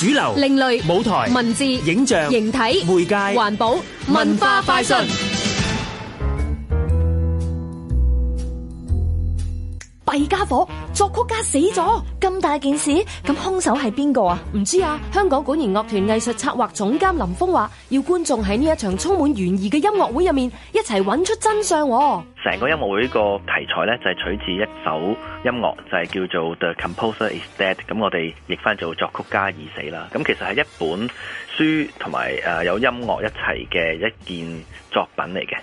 主流、另類舞台、文字、影像、形體、媒介、環保、文化快訊。弊家伙作曲家死咗，咁大件事，咁凶手係邊個啊？唔知啊。香港管弦樂團藝術策劃總監林峰話，要觀眾喺呢一場充滿懸疑嘅音樂會入面，一齊揾出真相。成個音樂會個題材咧，就係取自一首音樂，就係叫做 The Composer Is Dead，咁我哋譯翻做作曲家已死啦。咁其實係一本書同埋誒有音樂一齊嘅一件作品嚟嘅。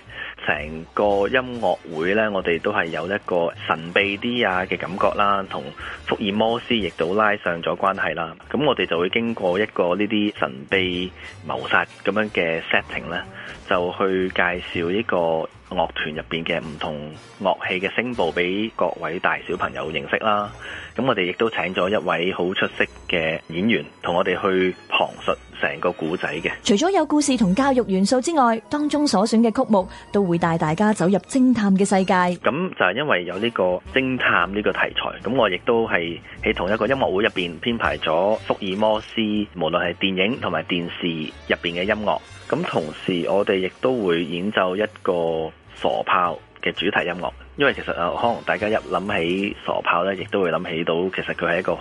成個音樂會咧，我哋都係有一個神秘啲啊嘅感覺啦，同福爾摩斯亦都拉上咗關係啦。咁我哋就會經過一個呢啲神秘謀殺咁樣嘅 setting 咧，就去介紹呢個。樂團入邊嘅唔同樂器嘅聲部，俾各位大小朋友認識啦。咁我哋亦都請咗一位好出色嘅演員，同我哋去旁述。成個故仔嘅，除咗有故事同教育元素之外，當中所選嘅曲目都會帶大家走入偵探嘅世界。咁就係因為有呢個偵探呢個題材，咁我亦都係喺同一個音樂會入邊編排咗福爾摩斯，無論係電影同埋電視入邊嘅音樂。咁同時，我哋亦都會演奏一個傻炮。嘅主題音樂，因為其實啊，可能大家一諗起傻炮咧，亦都會諗起到其實佢係一個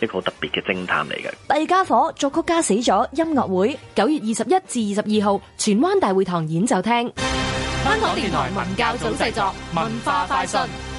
一個好特別嘅偵探嚟嘅。弊傢伙作曲家死咗，音樂會九月二十一至二十二號荃灣大會堂演奏廳。香港電台文教組製作文化快訊。